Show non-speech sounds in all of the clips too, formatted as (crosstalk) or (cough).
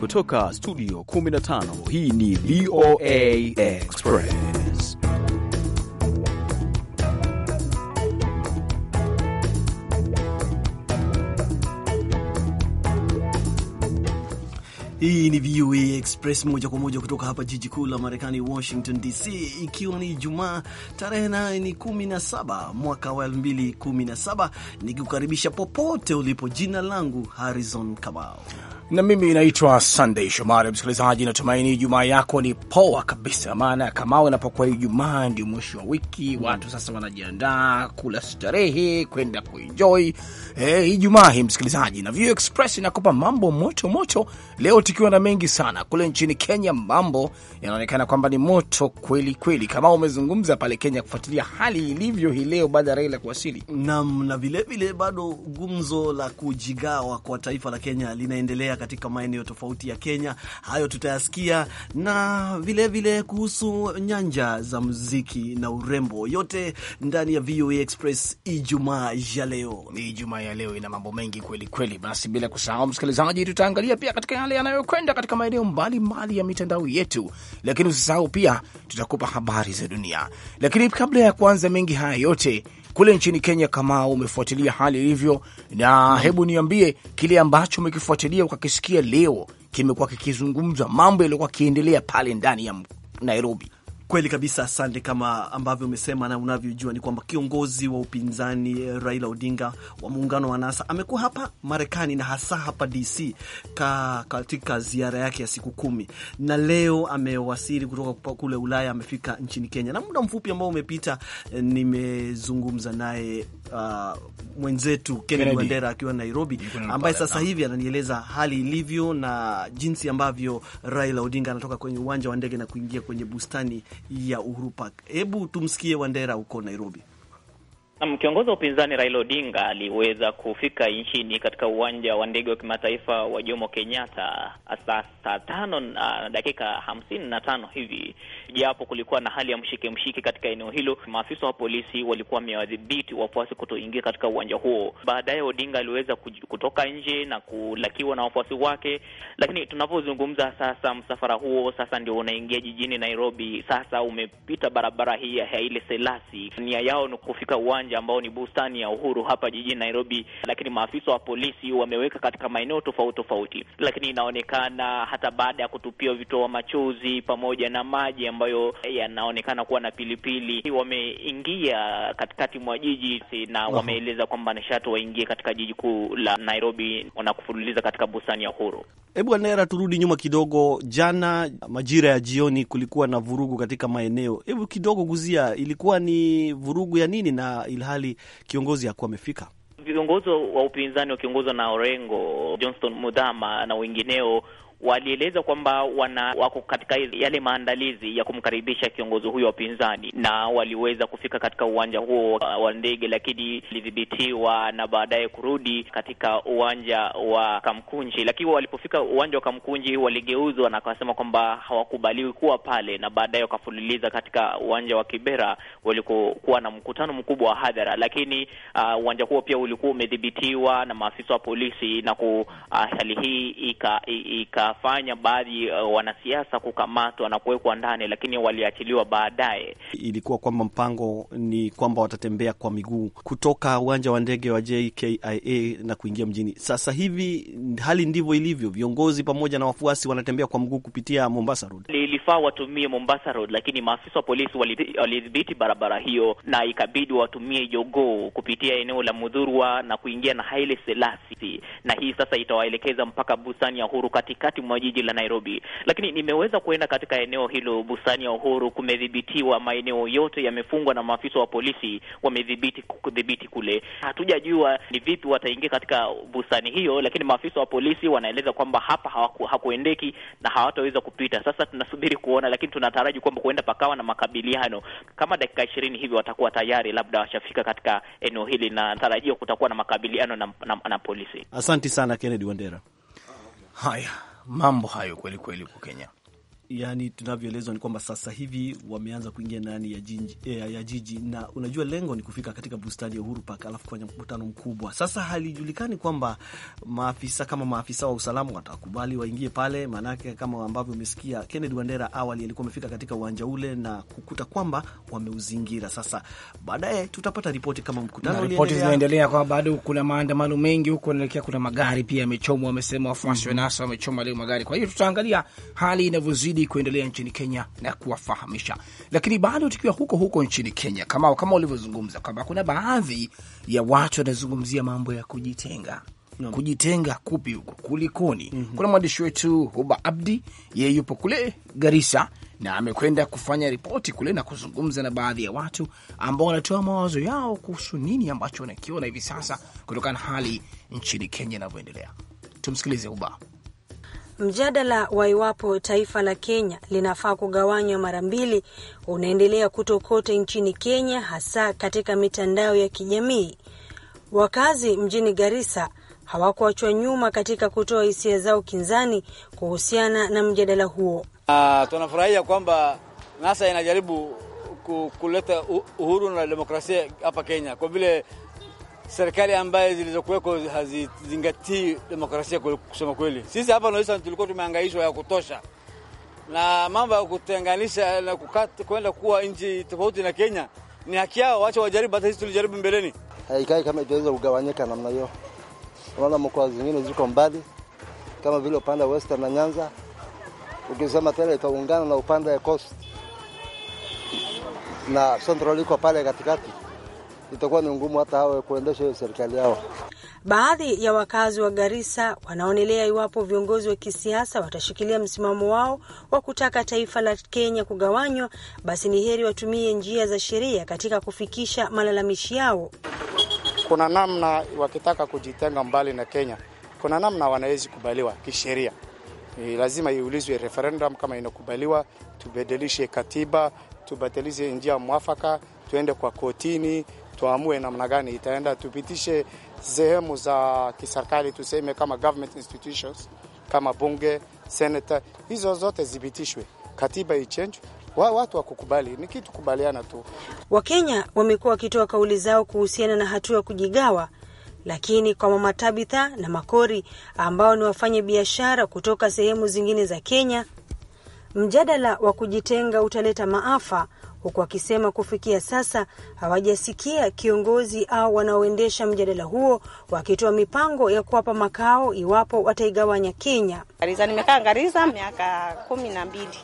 Kutoka studio 15 hii ni VOA Express. Hii ni VOA Express moja kwa moja kutoka hapa jiji kuu la Marekani, Washington DC, ikiwa ni jumaa tarehe naye ni 17 mwaka wa 2017, nikikukaribisha popote ulipo. Jina langu Harrison Kamau na mimi naitwa Sunday Shomari. Msikilizaji, natumaini jumaa yako ni poa kabisa, maana kama inapokuwa Ijumaa ndio mwisho wa wiki, watu sasa wanajiandaa kula starehe, kwenda kuenjoy eh, Ijumaa hii msikilizaji, na View Express inakupa mambo moto moto leo, tukiwa na mengi sana. Kule nchini Kenya mambo yanaonekana kwamba ni moto kweli kweli, kama umezungumza pale Kenya kufuatilia hali ilivyo hii leo baada ya Raila kuwasili nam, na vilevile bado gumzo la kujigawa kwa taifa la Kenya linaendelea katika maeneo tofauti ya Kenya. Hayo tutayasikia na vilevile vile kuhusu nyanja za muziki na urembo, yote ndani ya VOA Express Ijumaa ya leo. Ni Ijumaa ya leo ina mambo mengi kweli kweli. Basi bila kusahau, msikilizaji, tutaangalia pia katika yale yanayokwenda katika maeneo mbalimbali ya mitandao yetu, lakini usisahau pia tutakupa habari za dunia. Lakini kabla ya kuanza mengi haya yote kule nchini Kenya, kama umefuatilia hali ilivyo, na hebu niambie kile ambacho umekifuatilia ukakisikia leo kimekuwa kikizungumzwa, mambo yaliyokuwa kiendelea pale ndani ya Nairobi. Kweli kabisa, asante. Kama ambavyo umesema na unavyojua ni kwamba kiongozi wa upinzani eh, Raila Odinga wa muungano wa NASA amekuwa hapa Marekani na hasa hapa DC ka, katika ziara yake ya siku kumi, na leo amewasili kutoka kule Ulaya, amefika nchini Kenya na muda mfupi ambao umepita eh, nimezungumza naye uh, mwenzetu Kennedy Wandera akiwa Nairobi, ambaye sasa hivi ananieleza hali ilivyo na jinsi ambavyo Raila Odinga anatoka kwenye uwanja wa ndege na kuingia kwenye bustani ya Uhuru Park. Hebu tumsikie Wandera huko Nairobi. Naam, kiongozi wa upinzani Raila Odinga aliweza kufika nchini katika uwanja wa ndege wa kimataifa wa Jomo Kenyatta saa tano na dakika hamsini na tano hivi, japo kulikuwa na hali ya mshike mshike katika eneo hilo. Maafisa wa polisi walikuwa wamewadhibiti wafuasi kutoingia katika uwanja huo. Baadaye Odinga aliweza kutoka nje na kulakiwa na wafuasi wake, lakini tunapozungumza sasa, msafara huo sasa ndio unaingia jijini Nairobi. Sasa umepita barabara hii ya Haile Selasi. nia yao ni kufika uwanja uwanja ambao ni bustani ya Uhuru hapa jijini Nairobi, lakini maafisa wa polisi wameweka katika maeneo tofauti tofauti, lakini inaonekana hata baada ya kutupia vitoa machozi pamoja na maji ambayo yanaonekana kuwa na pilipili, wameingia katikati mwa jiji na wameeleza kwamba nishati waingie katika jiji kuu la Nairobi na kufululiza katika bustani ya Uhuru. Hebu Anera, turudi nyuma kidogo. Jana majira ya jioni kulikuwa na vurugu katika maeneo, hebu kidogo guzia, ilikuwa ni vurugu ya nini na ilhali kiongozi hakuwa amefika. Viongozi wa upinzani wakiongozwa na Orengo, Johnston Mudhama na wengineo walieleza kwamba wana wako katika yale maandalizi ya kumkaribisha kiongozi huyo wa upinzani, na waliweza kufika katika uwanja huo uh, wa ndege, lakini ilidhibitiwa na baadaye kurudi katika uwanja wa Kamkunji. Lakini walipofika uwanja wa Kamkunji waligeuzwa na wakasema kwamba hawakubaliwi kuwa pale, na baadaye wakafululiza katika uwanja wa Kibera walikokuwa na mkutano mkubwa wa hadhara, lakini uh, uwanja huo pia ulikuwa umedhibitiwa na maafisa wa polisi na ku uh, hali hii ika, ika ikafanya baadhi uh, wanasiasa kukamatwa na kuwekwa ndani, lakini waliachiliwa baadaye. Ilikuwa kwamba mpango ni kwamba watatembea kwa miguu kutoka uwanja wa ndege wa JKIA na kuingia mjini. Sasa hivi hali ndivyo ilivyo, viongozi pamoja na wafuasi wanatembea kwa mguu kupitia Mombasa Road. Ilifaa watumie Mombasa Road, lakini maafisa wa polisi walidhibiti barabara hiyo na ikabidi watumie jogoo kupitia eneo la Mudhurwa na kuingia na Haile Selassie, na hii sasa itawaelekeza mpaka bustani ya Uhuru katikati katikati mwa jiji la Nairobi, lakini nimeweza kuenda katika eneo hilo, bustani ya Uhuru, kumedhibitiwa, maeneo yote yamefungwa na maafisa wa polisi, wamedhibiti kudhibiti kule. Hatujajua ni vipi wataingia katika bustani hiyo, lakini maafisa wa polisi wanaeleza kwamba hapa hawaku, hakuendeki na hawataweza kupita. Sasa tunasubiri kuona, lakini tunataraji kwamba kuenda pakawa na makabiliano. Kama dakika ishirini hivi watakuwa tayari, labda washafika katika eneo hili, na tarajia kutakuwa na makabiliano na, na, na polisi. asanti sana Kennedy Wandera. Haya mambo hayo kweli kweli kwa Kenya yani tunavyoelezwa ni kwamba sasa hivi wameanza kuingia ndani ya, eh, ya jiji na unajua, lengo ni kufika katika bustani ya Uhuru Park alafu kufanya mkutano mkubwa. Sasa halijulikani kwamba maafisa kama maafisa wa usalama watakubali waingie pale, maanake kama ambavyo umesikia Kennedy Wandera awali alikuwa amefika katika uwanja ule na kukuta kwamba wameuzingira. Sasa baadaye tutapata ripoti kama mkutano ripoti zinaendelea, kwamba bado kuna maandamano mengi huko naelekea, kuna magari pia yamechomwa, wamesema wafuasi wa NASA wamechoma leo magari. Kwa hiyo tutaangalia hali inavyozidi zaidi kuendelea nchini Kenya na kuwafahamisha. Lakini bado tukiwa huko huko nchini Kenya, kama kama ulivyozungumza kwamba kuna baadhi ya watu wanazungumzia mambo ya kujitenga no. Kujitenga kupi huko kulikoni? mm -hmm. Kuna mwandishi wetu Huba Abdi, yeye yupo kule Garissa na amekwenda kufanya ripoti kule na kuzungumza na baadhi ya watu ambao wanatoa mawazo yao kuhusu nini ambacho wanakiona hivi sasa kutokana na hali nchini Kenya inavyoendelea. Tumsikilize Huba. Mjadala wa iwapo taifa la Kenya linafaa kugawanywa mara mbili unaendelea kutokote nchini Kenya, hasa katika mitandao ya kijamii. Wakazi mjini Garissa hawakuachwa nyuma katika kutoa hisia zao kinzani kuhusiana na mjadala huo. Ah, tunafurahia kwamba NASA inajaribu kuleta uhuru na demokrasia hapa Kenya kwa vile serikali ambaye zilizokuweko hazizingatii demokrasia kusema kweli. Sisi hapa naisa tulikuwa tumehangaishwa ya kutosha na mambo ya kutenganisha na kwenda kuwa nchi tofauti na Kenya ni haki yao, wacha wajaribu. Hata sisi tulijaribu mbeleni, haikai kama itaweza kugawanyika namna hiyo. Unaona, mkoa zingine ziko mbali kama vile upande wa Western na Nyanza, ukisema tena itaungana na upande wa Coast na Central iko pale katikati itakuwa ni ngumu hata hawa kuendesha hiyo serikali yao. Baadhi ya wakazi wa Garissa wanaonelea iwapo viongozi wa kisiasa watashikilia msimamo wao wa kutaka taifa la Kenya kugawanywa, basi ni heri watumie njia za sheria katika kufikisha malalamishi yao. Kuna namna wakitaka kujitenga mbali na Kenya, kuna namna wanawezi kubaliwa kisheria. Lazima iulizwe referendum kama inakubaliwa, tubadilishe katiba, tubadilishe njia mwafaka, tuende kwa kotini tuamue namna gani itaenda, tupitishe sehemu za kiserikali, tuseme kama government institutions, kama bunge, senata, hizo zote zipitishwe, katiba ichenjwe wa watu wa kukubali ni kitu kubaliana tu. Wakenya wamekuwa wakitoa kauli zao kuhusiana na hatua ya kujigawa, lakini kwa mama Tabitha na Makori ambao ni wafanya biashara kutoka sehemu zingine za Kenya, mjadala wa kujitenga utaleta maafa huku akisema kufikia sasa hawajasikia kiongozi au wanaoendesha mjadala huo wakitoa mipango ya kuwapa makao iwapo wataigawanya Kenya. Gariza, nimekaa Gariza miaka kumi na mbili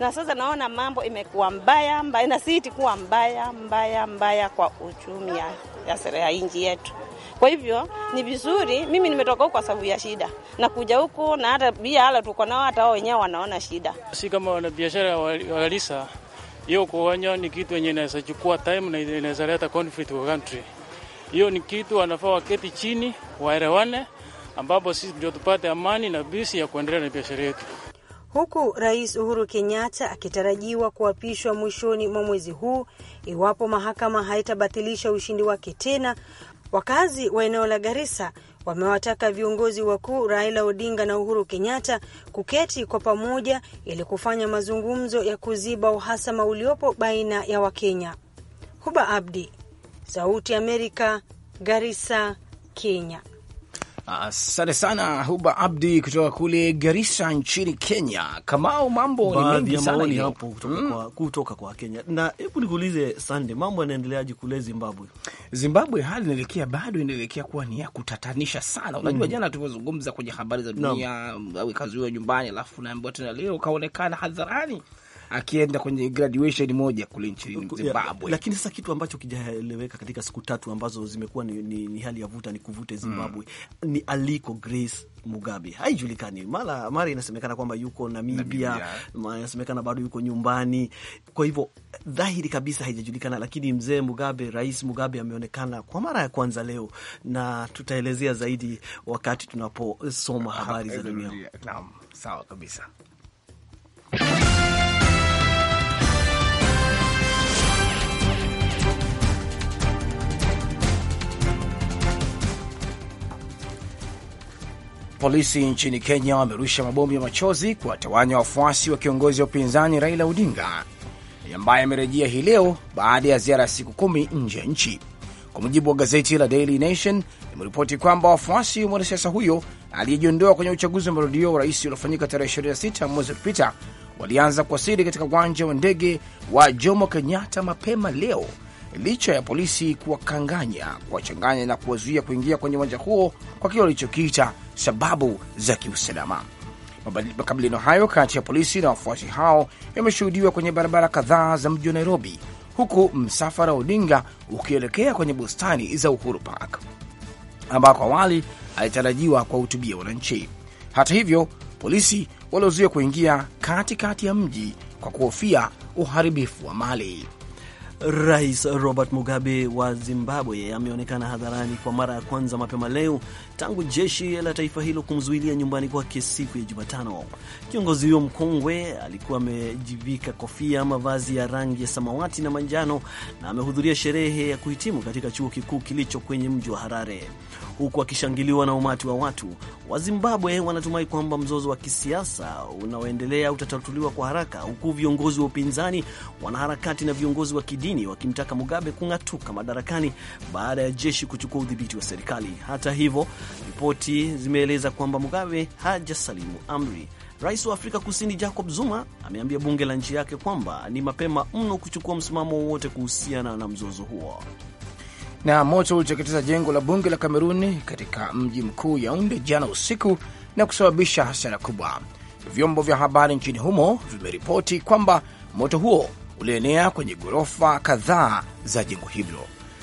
na sasa naona mambo imekuwa mbaya mbaya, na si itikuwa mbaya mbaya mbaya kwa uchumi ya sera ya nchi yetu. Kwa hivyo ni vizuri, mimi nimetoka huko kwa sababu ya shida na kuja huku, na hata bia hala tuko nao, hata wao wenyewe wanaona shida, si kama wanabiashara wa Garissa hiyo kuonya ni kitu yenye inaweza chukua time na inaweza leta conflict kwa country. Hiyo ni kitu wanafaa waketi chini waelewane, ambapo sisi ndio tupate amani na bisi ya kuendelea na biashara yetu. Huku Rais Uhuru Kenyatta akitarajiwa kuapishwa mwishoni mwa mwezi huu iwapo mahakama haitabatilisha ushindi wake tena, Wakazi wa eneo la Garissa wamewataka viongozi wakuu Raila Odinga na Uhuru Kenyatta kuketi kwa pamoja ili kufanya mazungumzo ya kuziba uhasama uliopo baina ya Wakenya. Huba Abdi, Sauti ya Amerika, Garissa, Kenya. Asante sana Huba Abdi kutoka kule Garissa nchini Kenya. Kamao, mambo ni mengi sana hapo kutoka, mm, kwa, kutoka kwa Kenya. Na hebu nikuulize Sande, mambo yanaendeleaje kule Zimbabwe? Zimbabwe hali inaelekea bado inaelekea kuwa ni ya kutatanisha sana. Unajua mm, jana tulivyozungumza kwenye habari za dunia no, kazuiwa nyumbani, alafu naambiwa tena leo kaonekana hadharani akienda kwenye graduation moja kule nchini Zimbabwe. Lakini sasa kitu ambacho kijaeleweka katika siku tatu ambazo zimekuwa ni, ni, ni hali ya vuta ni kuvute mm. Zimbabwe mm. ni aliko Grace Mugabe haijulikani. Mara mara inasemekana kwamba yuko Namibia, inasemekana bado yuko nyumbani. Kwa hivyo dhahiri kabisa haijajulikana, lakini mzee Mugabe, Rais Mugabe ameonekana kwa mara ya kwanza leo, na tutaelezea zaidi wakati tunaposoma habari za dunia. Naam, sawa kabisa. Polisi nchini Kenya wamerusha mabomu ya machozi kuwatawanya wafuasi wa kiongozi wa upinzani Raila Odinga ambaye amerejea hii leo baada ya ziara ya siku kumi nje ya nchi. Kwa mujibu wa gazeti la Daily Nation, limeripoti kwamba wafuasi wa mwanasiasa huyo aliyejiondoa kwenye uchaguzi wa marudio wa rais uliofanyika tarehe 26 mwezi uliopita walianza kuwasili katika uwanja wa ndege wa Jomo Kenyatta mapema leo licha ya polisi kuwakanganya, kuwachanganya na kuwazuia kuingia kwenye uwanja huo kwa kile walichokiita sababu za kiusalama. Makabiliano hayo kati ya polisi na wafuasi hao yameshuhudiwa kwenye barabara kadhaa za mji wa Nairobi, huku msafara wa Odinga ukielekea kwenye bustani za Uhuru Park ambako awali alitarajiwa kuwahutubia wananchi. Hata hivyo, polisi waliozuia kuingia katikati kati ya mji kwa kuhofia uharibifu wa mali. Rais Robert Mugabe wa Zimbabwe ameonekana hadharani kwa mara ya kwanza mapema leo tangu jeshi la taifa hilo kumzuilia nyumbani kwake siku ya Jumatano. Kiongozi huyo mkongwe alikuwa amejivika kofia, mavazi ya rangi ya samawati na manjano, na amehudhuria sherehe ya kuhitimu katika chuo kikuu kilicho kwenye mji wa Harare, huku akishangiliwa na umati wa watu. Wazimbabwe wanatumai kwamba mzozo wa kisiasa unaoendelea utatatuliwa kwa haraka, huku viongozi wa upinzani, wanaharakati na viongozi wa kidini wakimtaka Mugabe kung'atuka madarakani baada ya jeshi kuchukua udhibiti wa serikali. Hata hivyo Ripoti zimeeleza kwamba Mugabe hajasalimu amri. Rais wa Afrika Kusini Jacob Zuma ameambia bunge la nchi yake kwamba ni mapema mno kuchukua msimamo wowote kuhusiana na mzozo huo. Na moto uliteketeza jengo la bunge la Kameruni katika mji mkuu Yaunde jana usiku na kusababisha hasara kubwa. Vyombo vya habari nchini humo vimeripoti kwamba moto huo ulienea kwenye ghorofa kadhaa za jengo hilo.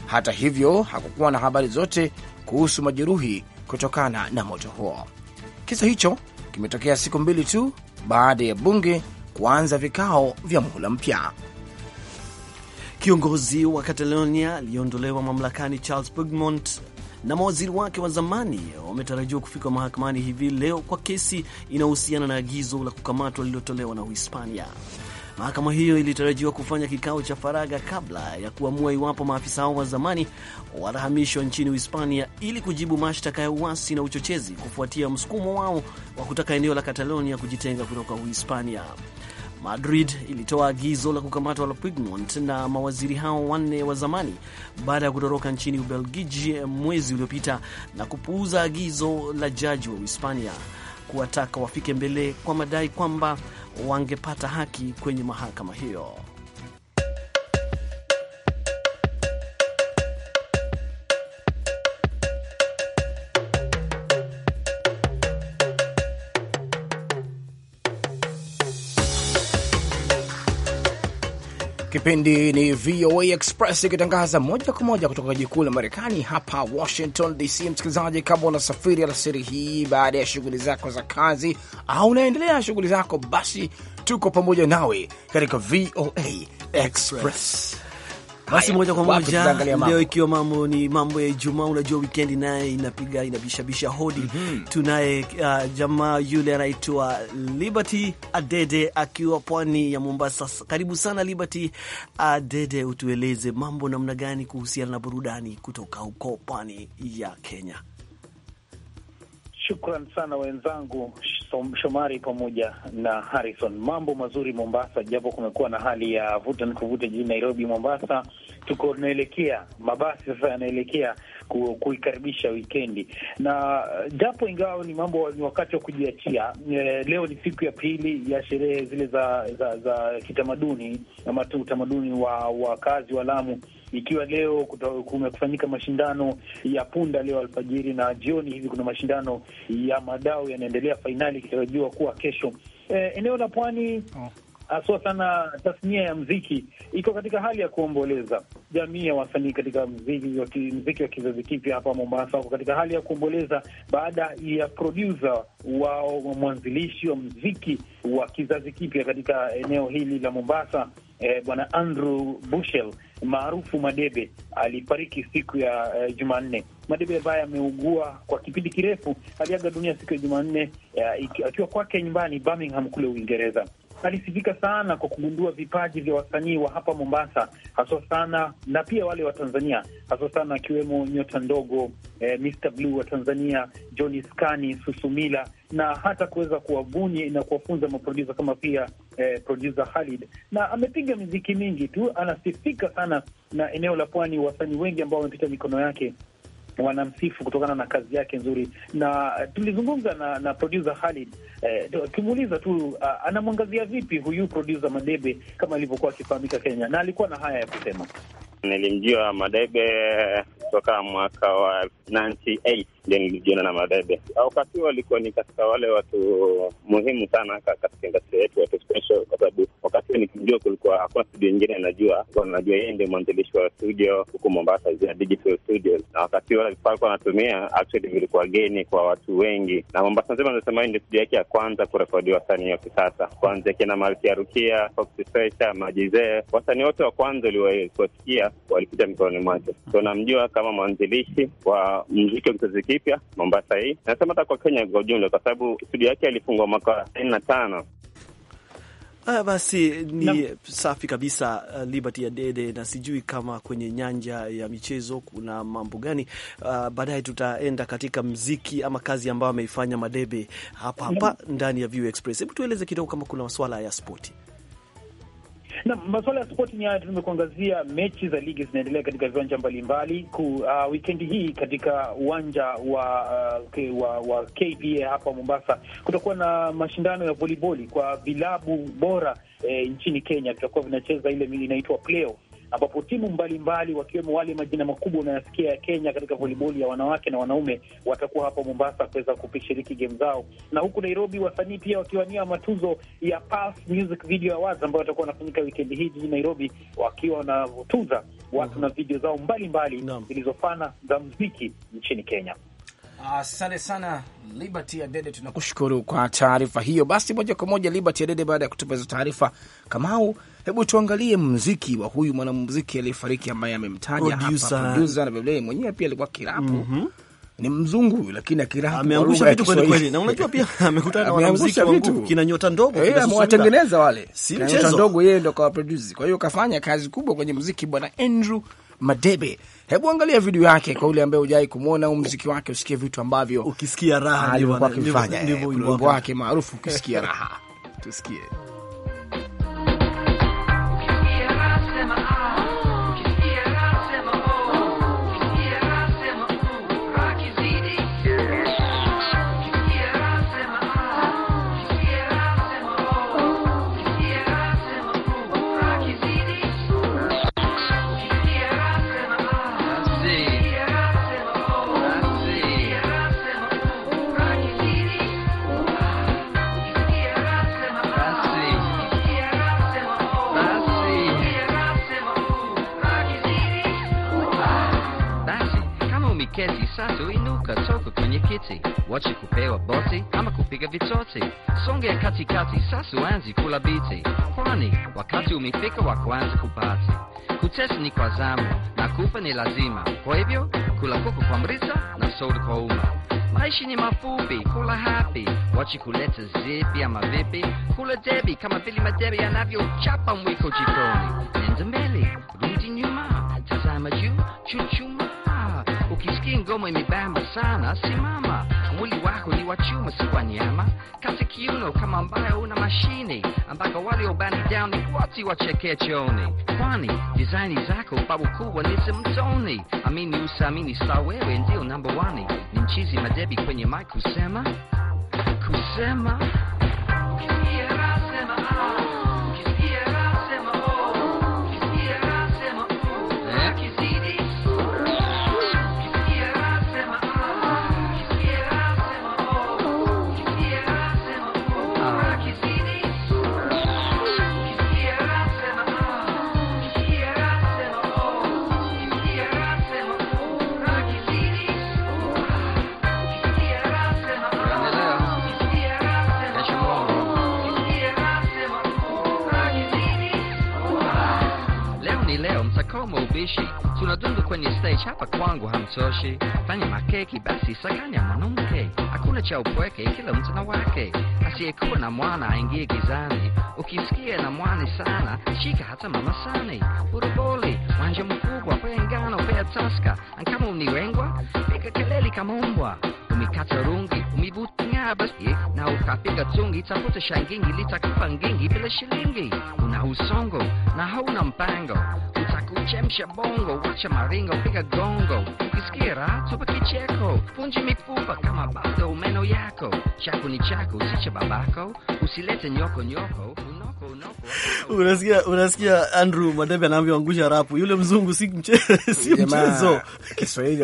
Hata hivyo, hakukuwa na habari zote kuhusu majeruhi kutokana na moto huo. Kisa hicho kimetokea siku mbili tu baada ya bunge kuanza vikao vya muhula mpya. Kiongozi wa Catalonia aliyeondolewa mamlakani Charles Puigdemont na mawaziri wake wa zamani wametarajiwa kufika mahakamani hivi leo kwa kesi inayohusiana na agizo la kukamatwa lililotolewa na Uhispania. Mahakama hiyo ilitarajiwa kufanya kikao cha faragha kabla ya kuamua iwapo maafisa hao wa zamani watahamishwa nchini Uhispania ili kujibu mashtaka ya uasi na uchochezi kufuatia msukumo wao wa kutaka eneo la Catalonia kujitenga kutoka Uhispania. Madrid ilitoa agizo la kukamatwa la Puigdemont na mawaziri hao wanne wa zamani baada ya kutoroka nchini Ubelgiji mwezi uliopita na kupuuza agizo la jaji wa Uhispania kuwataka wafike mbele kwa madai kwamba wangepata haki kwenye mahakama hiyo. Kipindi ni VOA Express ikitangaza moja kwa moja kutoka jiji kuu la Marekani, hapa Washington DC. Msikilizaji, kama unasafiri alasiri hii baada ya shughuli zako za kazi au unaendelea shughuli zako, basi tuko pamoja nawe katika VOA Express. Basi moja kwa moja leo, ikiwa mambo ni mambo ya Ijumaa, unajua wikendi naye inapiga inabishabisha hodi mm -hmm. Tunaye uh, jamaa yule anaitwa Liberty Adede akiwa pwani ya Mombasa. Karibu sana Liberty Adede, utueleze mambo namna gani kuhusiana na burudani kutoka huko pwani ya Kenya. Shukran sana wenzangu Shomari pamoja na Harrison. Mambo mazuri Mombasa, japo kumekuwa na hali ya vuta ni kuvuta jijini Nairobi. Mombasa tuko tunaelekea, mabasi sasa yanaelekea kuikaribisha wikendi, na uh, japo ingawa ni mambo ni wakati wa kujiachia e, leo ni siku ya pili ya sherehe zile za za, za kitamaduni ama tu utamaduni wa wakazi wa Lamu ikiwa leo kumekufanyika mashindano ya punda leo alfajiri na jioni hivi kuna mashindano ya madao yanaendelea, fainali ikitarajiwa kuwa kesho. E, eneo la pwani oh, haswa sana tasnia ya mziki iko katika hali ya kuomboleza. Jamii ya wasanii katika mziki wa kizazi kipya hapa Mombasa wako katika hali ya kuomboleza baada ya produsa wao mwanzilishi wa mziki wa kizazi kipya katika eneo hili la Mombasa, eh, bwana Andrew Bushel maarufu Madebe alifariki siku ya uh, Jumanne. Madebe ambaye ameugua kwa kipindi kirefu aliaga dunia siku ya Jumanne uh, akiwa kwake nyumbani Birmingham kule Uingereza alisifika sana kwa kugundua vipaji vya wasanii wa hapa Mombasa haswa sana na pia wale wa Tanzania haswa sana akiwemo Nyota Ndogo, eh, Mr Blue wa Tanzania, Johnny Scani, Susumila na hata kuweza kuwabuni na kuwafunza maprodusa kama pia eh, produsa Halid, na amepiga miziki mingi tu. Anasifika sana na eneo la pwani, wasanii wengi ambao wamepita mikono yake wanamsifu kutokana na kazi yake nzuri, na eh, tulizungumza na, na producer Khalid eh, eh, tu uh, anamwangazia vipi huyu producer Madebe kama alivyokuwa akifahamika Kenya, na alikuwa na haya ya kusema. Nilimjua Madebe eh, kutoka mwaka wa 98 Jona na Madebe. Wakati huo alikuwa ni katika wale watu muhimu sana katika industry yetu, watu special, kwa sababu wakati huo nikimjua, kulikuwa hakuna studio nyingine anajua, najua, najua yeye ndio mwanzilishi wa studio huku Mombasa, zina digital studios, na wakati huo vifaa alikuwa anatumia actually vilikuwa geni kwa watu wengi, na Mombasa nzima anasema hii ndio studio yake ya kwanza kurekodi wasanii wa kisasa, kuanzia kina Malkia Rukia, Foxy Fresh, Majizee, wasanii wote wa kwanza uliwasikia walipita mikononi mwake. So namjua kama mwanzilishi wa mziki wa kizazi kipya Mombasa hii, nasema hata kwa Kenya kwa ujumla, kwa sababu studio yake alifungwa mwaka wa tisini na tano. Haya basi, ni na safi kabisa uh, Liberty ya Dede, na sijui kama kwenye nyanja ya michezo kuna mambo gani. Uh, baadaye tutaenda katika mziki ama kazi ambayo ameifanya Madebe hapa hapa ndani ya View Express. Hebu tueleze kidogo kama kuna masuala ya spoti. Na masuala ya spoti ni haya, tumekuangazia mechi za ligi zinaendelea katika viwanja mbalimbali uh, wikendi hii katika uwanja wa, uh, wa wa KPA hapa Mombasa kutakuwa na mashindano ya voliboli kwa vilabu bora eh, nchini Kenya vitakuwa vinacheza ile inaitwa playoff ambapo timu mbalimbali wakiwemo wale majina makubwa unayasikia ya Kenya katika voliboli ya wanawake na wanaume watakuwa hapa Mombasa kuweza kushiriki game zao, na huku Nairobi wasanii pia wakiwania matuzo ya Pulse Music Video Awards ambayo watakuwa wanafanyika wikendi hii jijini Nairobi, wakiwa wanavutuza watu na video zao mbalimbali zilizofana za mziki nchini Kenya. Asante uh, sana Liberty Adede, tunakushukuru kwa taarifa hiyo. Basi moja kwa moja Liberty Adede, baada ya kutupa hizo taarifa Kamau Hebu tuangalie mziki wa huyu mwanamziki aliyefariki ambaye amemtaja hapa, producer na vilevile mwenyewe pia alikuwa kirapu mm -hmm ni mzungu lakini akiraha ameangusha vitu kweli kweli, na unajua pia (laughs) amekutana na wanamuziki wa nguvu kina nyota ndogo, eh, wale nyota ndogo, yeye ndo kawa produce. Kwa hiyo kafanya kazi kubwa kwenye muziki bwana Andrew Madebe. Hebu angalia video yake kwa ule ambaye hujai au muziki wake, usikie vitu ambavyo ukisikia raha, wimbo wake maarufu ukisikia raha, tusikie soco kwenye kiti, wachi kupewa boti ama kupiga vitoti. Songe katikati, sasa uanzi kula biti, kwani wakati umefika wa kuanza kupati. Kutesi ni kwa zamu na kupa ni lazima, kwa hivyo kula kuku kwa mrisa na soda kwa uma. Maisha ni mafupi, kula happy, wachi kuleta zipi ama vipi, kula debi kama vile madebi anavyochapa mwiko jikoni. Nenda mbele, rudi nyuma, tazama juu, chuchu sana, simama. Mwili wako ni wa chuma, si wa nyama. kasi kiuno kama ambayo una mashini, ambako waliobani down ni wa chekechoni, Kwani disaini zako babu kubwa ni simtoni. Amini usamini, sa wewe ndio namba wani. Ni mchizi madebi kwenye mic kusema kusema haubishi, tunadundu kwenye stage hapa kwangu hamtoshi. Fanya makeki basi, sakanya mwanamke, hakuna cha upweke, kila mtu na wake. Asiyekuwa na mwana aingie gizani, ukisikia na mwani sana, shika hata mama sani. Uruboli wanja mkubwa, pea ngano, pea taska, ankama uniwengwa, pika keleli kama umbwa, umikata rungi, umibutinga basi na ukapiga tungi, tafuta shangingi, litakupa ngingi bila shilingi. Una usongo na hauna mpango uchemsha bongo, wacha maringo, piga gongo, ukisikia raha tupa kicheko, punji mifupa kama bado umeno yako, chako ni chako, si babako, usilete nyoko nyoko. Unasikia, unasikia Andrew Madebe anavyoangusha rapu, yule mzungu si (laughs) mchezo. Kiswahili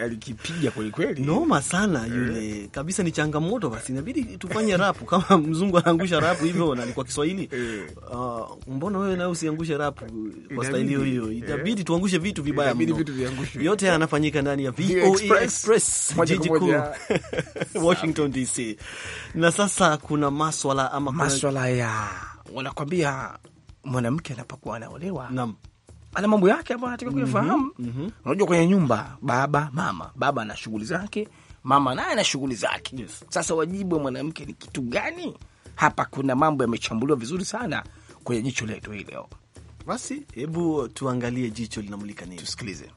alikipiga kweli kweli, noma sana eh. yule kabisa. Ni changamoto, basi inabidi tufanye rapu (laughs) kama mzungu anaangusha rapu hivyo, na ni kwa Kiswahili uh, mbona wewe nawe usiangushe rapu kwa staili hiyo? Itabidi eh. tuangushe vitu vibaya mno. Yote haya yanafanyika ndani ya VOA Express, jiji kuu (laughs) Washington DC. Na sasa kuna maswala ama maswala kuna... ya wanakwambia mwanamke anapokuwa anaolewa ana mambo yake ambayo anataka mhm, kuyafahamu. mm -hmm. Unajua, kwenye nyumba baba mama, baba ana shughuli zake, mama naye ana shughuli zake. yes. Sasa wajibu wa mwanamke ni kitu gani? Hapa kuna mambo yamechambuliwa vizuri sana kwenye jicho letu hii leo. Basi hebu tuangalie jicho linamulika nini, tusikilize.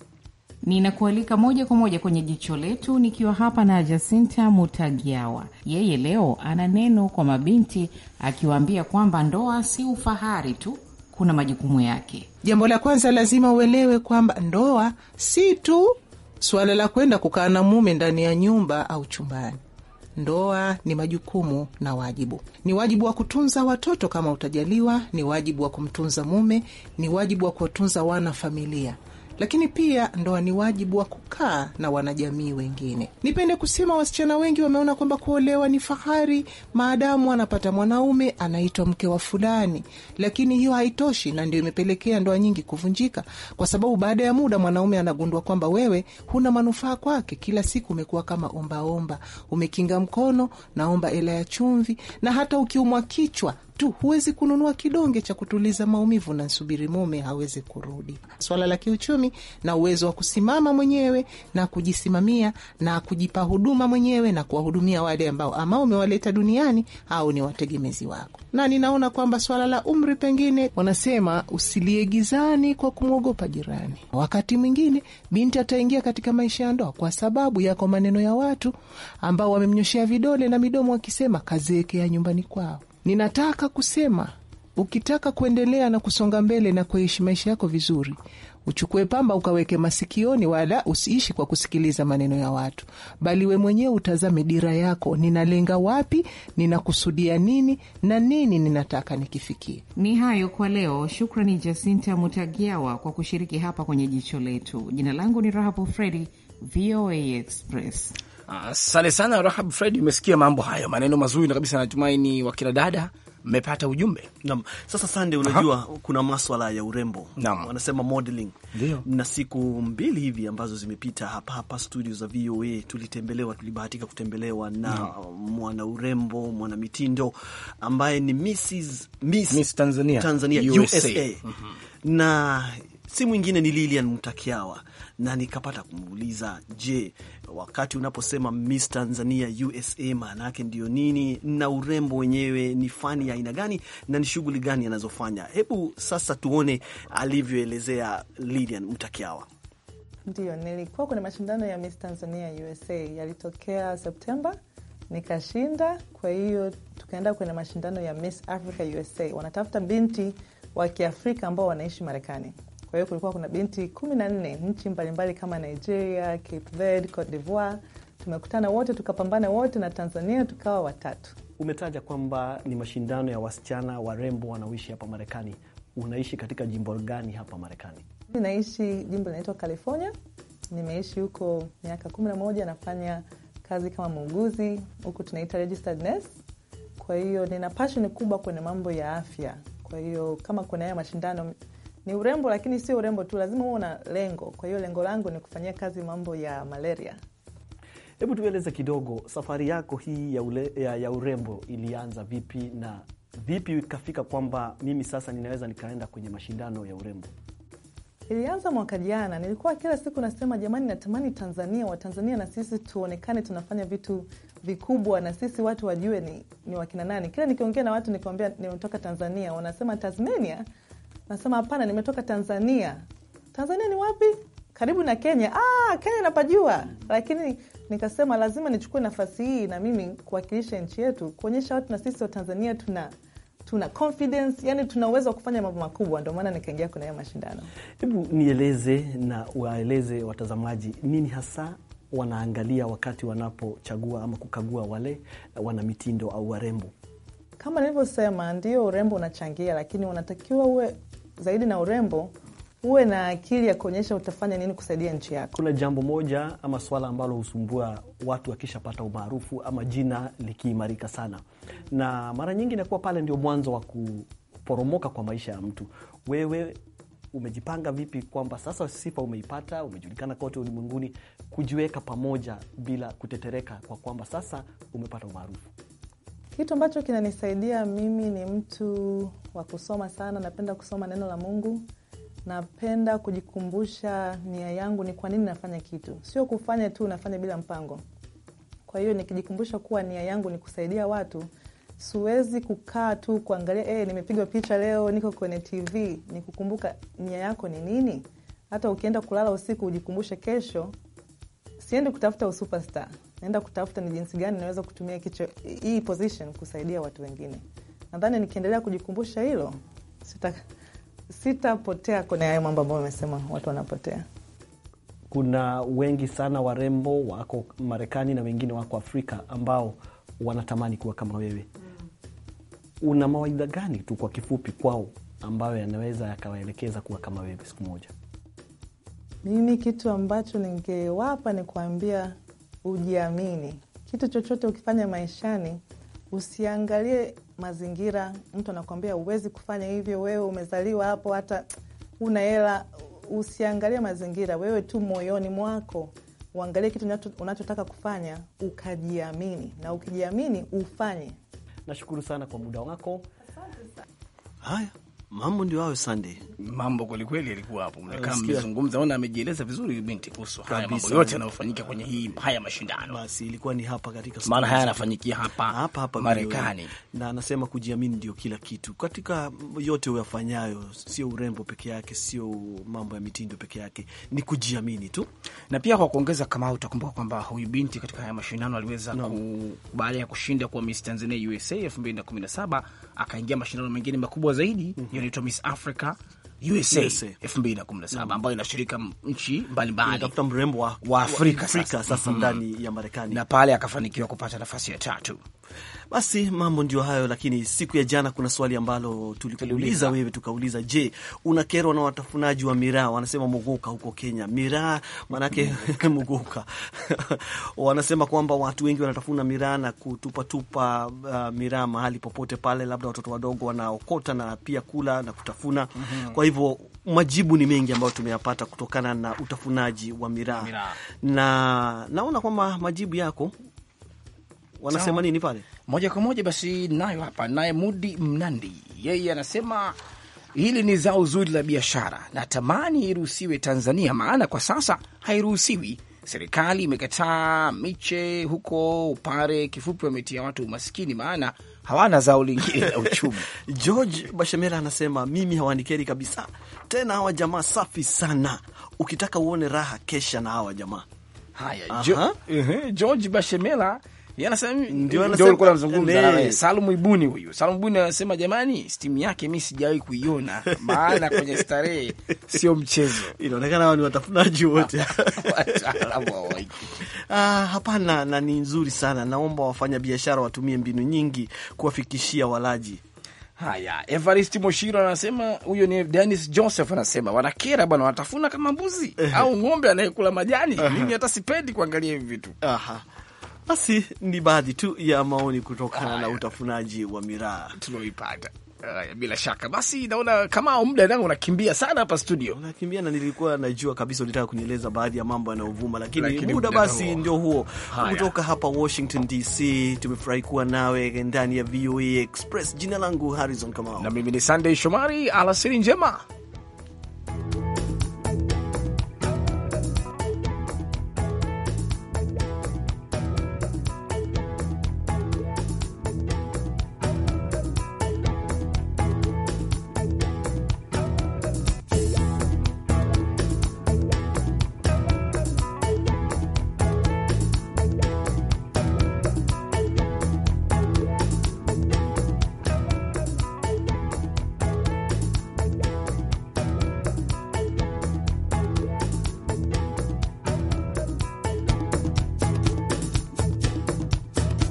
Ninakualika moja kwa moja kwenye jicho letu, nikiwa hapa na Jasinta Mutagiawa. Yeye leo ana neno kwa mabinti, akiwaambia kwamba ndoa si ufahari tu, kuna majukumu yake. Jambo la kwanza, lazima uelewe kwamba ndoa si tu suala la kwenda kukaa na mume ndani ya nyumba au chumbani. Ndoa ni majukumu na wajibu. Ni wajibu wa kutunza watoto kama utajaliwa, ni wajibu wa kumtunza mume, ni wajibu wa kuwatunza wana familia lakini pia ndoa ni wajibu wa kukaa na wanajamii wengine. Nipende kusema wasichana wengi wameona kwamba kuolewa ni fahari, maadamu anapata mwanaume anaitwa mke wa fulani, lakini hiyo haitoshi, na ndio imepelekea ndoa nyingi kuvunjika, kwa sababu baada ya muda mwanaume anagundua kwamba wewe huna manufaa kwake. Kila siku umekuwa kama ombaomba, umekinga mkono, naomba ela ya chumvi, na hata ukiumwa kichwa tu huwezi kununua kidonge cha kutuliza maumivu na subiri mume hawezi kurudi. Swala la kiuchumi na uwezo wa kusimama mwenyewe na kujisimamia na kujipa huduma mwenyewe na kuwahudumia wale ambao ama umewaleta duniani au ni wategemezi wako. Na ninaona kwamba swala la umri, pengine wanasema usilie gizani kwa kumwogopa jirani. Wakati mwingine binti ataingia katika maisha ya ndoa kwa sababu yako maneno ya watu ambao wamemnyoshea vidole na midomo wakisema kazeekea nyumbani kwao Ninataka kusema ukitaka kuendelea na kusonga mbele na kuishi maisha yako vizuri, uchukue pamba ukaweke masikioni, wala usiishi kwa kusikiliza maneno ya watu, bali we mwenyewe utazame dira yako, ninalenga wapi, ninakusudia nini na nini ninataka nikifikie. Ni hayo kwa leo. Shukrani Jasinta Mutagiawa kwa kushiriki hapa kwenye jicho letu. Jina langu ni Rahabu Fredi, VOA Express. Asante sana Rahab Fred, umesikia mambo hayo, maneno mazuri na kabisa. ni wakina dada mmepata ujumbe. Naam. Sasa Sande, unajua Aha. kuna maswala ya urembo Naam. wanasema modeling Dio. na siku mbili hivi ambazo zimepita hapa hapa studio za VOA tulitembelewa, tulibahatika kutembelewa na mwana urembo mwana mitindo ambaye ni Mrs. Miss Miss Tanzania, Tanzania USA, USA. Mm -hmm. na si mwingine ni Lilian Mtakiawa na nikapata kumuuliza, je, wakati unaposema Miss Tanzania USA maana yake ndio nini, na urembo wenyewe ni fani ya aina gani na ni shughuli gani anazofanya? Hebu sasa tuone alivyoelezea Lilian Mtakiawa. Ndio, nilikuwa kwenye mashindano ya Miss Tanzania USA yalitokea Septemba, nikashinda. Kwa hiyo tukaenda kwenye mashindano ya Miss Africa USA, wanatafuta binti wa Kiafrika ambao wanaishi Marekani. Kwa hiyo kulikuwa kuna binti kumi na nne nchi mbalimbali kama Nigeria, Cape Verde, Cote d'Ivoire. Tumekutana wote tukapambana wote na Tanzania tukawa watatu. Umetaja kwamba ni mashindano ya wasichana warembo wanaoishi hapa Marekani. Unaishi katika jimbo gani hapa Marekani? Naishi jimbo linaitwa California. Nimeishi huko miaka kumi na moja. Nafanya kazi kama muuguzi huku tunaita registered nurse. Kwa hiyo nina pasheni kubwa kwenye mambo ya afya. Kwa hiyo kama kuna haya mashindano ni urembo, lakini sio urembo tu, lazima huwe na lengo. Kwa hiyo lengo langu ni kufanyia kazi mambo ya malaria. Hebu tueleze kidogo safari yako hii ya, ule, ya, ya urembo ilianza vipi na vipi ikafika kwamba mimi sasa ninaweza nikaenda kwenye mashindano ya urembo? Ilianza mwaka jana. Nilikuwa kila siku nasema jamani, natamani Tanzania, Watanzania na sisi tuonekane tunafanya vitu vikubwa, na sisi watu wajue ni, ni wakina nani. Kila nikiongea na watu nikiwambia nimetoka Tanzania, wanasema Tasmania nasema hapana, nimetoka Tanzania. Tanzania ni wapi? Karibu na Kenya. Ah, Kenya napajua, lakini nikasema lazima nichukue nafasi hii na mimi kuwakilisha nchi yetu, kuonyesha watu na sisi Watanzania tuna tuna confidence, yani tuna uwezo wa kufanya mambo makubwa. Ndio maana nikaingia kwenye hayo mashindano. Hebu nieleze na waeleze watazamaji nini hasa wanaangalia wakati wanapochagua ama kukagua wale wana mitindo au warembo. Kama nilivyosema, ndio urembo unachangia, lakini unatakiwa uwe zaidi na urembo, uwe na akili ya kuonyesha utafanya nini kusaidia nchi yako. Kuna jambo moja ama swala ambalo husumbua watu wakishapata umaarufu ama jina likiimarika sana, na mara nyingi inakuwa pale ndio mwanzo wa kuporomoka kwa maisha ya mtu. Wewe umejipanga vipi kwamba sasa sifa umeipata, umejulikana kote ulimwenguni, kujiweka pamoja bila kutetereka kwa kwamba sasa umepata umaarufu? Kitu ambacho kinanisaidia mimi ni mtu wa kusoma sana, napenda kusoma neno la Mungu. Napenda kujikumbusha nia yangu ni kwa nini nafanya kitu, sio kufanya tu, nafanya bila mpango. Kwa hiyo nikijikumbusha kuwa nia yangu ni kusaidia watu, siwezi kukaa tu kuangalia hey, eh, nimepigwa picha leo, niko kwenye TV. Ni kukumbuka nia yako ni nini. Hata ukienda kulala usiku, ujikumbushe kesho, siendi kutafuta usupastar naenda kutafuta ni jinsi gani naweza kutumia kicho, hii position kusaidia watu wengine. Nadhani nikiendelea kujikumbusha hilo sitapotea sita kwenye hayo mambo ambayo amesema watu wanapotea. Kuna wengi sana warembo wako Marekani na wengine wako Afrika ambao wanatamani kuwa kama wewe. Una mawaidha gani tu kwa kifupi kwao ambayo yanaweza yakawaelekeza kuwa kama wewe siku moja? Mimi kitu ambacho ningewapa ni kuambia ujiamini. Kitu chochote ukifanya maishani, usiangalie mazingira. Mtu anakuambia huwezi kufanya hivyo, wewe umezaliwa hapo, hata una hela. Usiangalie mazingira, wewe tu moyoni mwako uangalie kitu unachotaka kufanya, ukajiamini, na ukijiamini ufanye. Nashukuru sana kwa muda wako. Haya. Mambo ndio hayo Sande, Mambo kwelikweli kweli yalikuwa hapo. Mnakaa mmezungumza, ona amejieleza vizuri binti kuhusu haya mambo yote yanayofanyika kwenye hii haya mashindano. Basi ilikuwa ni hapa katika maana haya yanafanyikia hapa hapa hapa Marekani. Na anasema kujiamini ndio kila kitu. Katika yote uyafanyayo, sio urembo peke yake, sio mambo ya mitindo peke yake, ni kujiamini tu. Na pia kwa kuongeza, kama utakumbuka kwamba huyu binti katika haya mashindano aliweza no. ku, baada ya kushinda kuwa Miss Tanzania USA 2017 akaingia mashindano mengine makubwa zaidi. Mm -hmm inaitwa Miss Africa USA 2017 mm-hmm. ambayo inashirika nchi mbalimbali mrembo wa Afrika, Afrika sasa mm-hmm. ndani ya Marekani, na pale akafanikiwa kupata nafasi ya tatu. Basi mambo ndio hayo, lakini siku ya jana kuna swali ambalo tulikuuliza wewe, tukauliza, je, unakerwa na watafunaji wa miraa? Wanasema muguka huko Kenya, miraa maanake muguka (laughs) (laughs) wanasema kwamba watu wengi wanatafuna miraa na kutupatupa uh, miraa mahali popote pale, labda watoto wadogo wanaokota na pia kula na kutafuna mm -hmm. Kwa hivyo majibu ni mengi ambayo tumeyapata kutokana na utafunaji wa miraa, na naona kwamba majibu yako wanasema nini pale? Moja kwa moja basi nayo hapa, naye Mudi Mnandi yeye anasema hili ni zao zuri la biashara, na tamani iruhusiwe Tanzania, maana kwa sasa hairuhusiwi. Serikali imekataa miche huko Upare, kifupi wametia watu umaskini, maana hawana zao lingine la uchumi. (laughs) George Bashemera anasema mimi hawanikeri kabisa, tena hawa jamaa safi sana, ukitaka uone raha kesha na hawa jamaa haya. Jo, uh -huh. George Bashemela Eh, Salum Ibuni huyu Salum Ibuni anasema jamani, stimu yake mi sijawahi kuiona, maana kwenye starehe sio mchezo. Inaonekana hao ni watafunaji wote. (laughs) Ah, hapana, na ni nzuri sana. Naomba wafanya biashara watumie mbinu nyingi kuwafikishia walaji Haya, Evarist Moshiro anasema, huyo ni Dennis Joseph anasema, wanakera bwana, wanatafuna kama mbuzi eh. au ng'ombe anayekula majani. Eh. Mimi hata sipendi kuangalia hivi vitu. Aha. Basi ni baadhi tu ya maoni kutokana na utafunaji wa miraa tunaoipata. Bila shaka basi, naona kama muda nao unakimbia sana hapa studio, unakimbia na nilikuwa najua kabisa ulitaka kunieleza baadhi ya mambo yanayovuma, lakini, lakini muda basi ndio huo. Kutoka hapa Washington DC, tumefurahi kuwa nawe ndani ya VOA e Express. Jina langu Harrison Kamau, na mimi ni Sunday Shomari. Alasiri njema.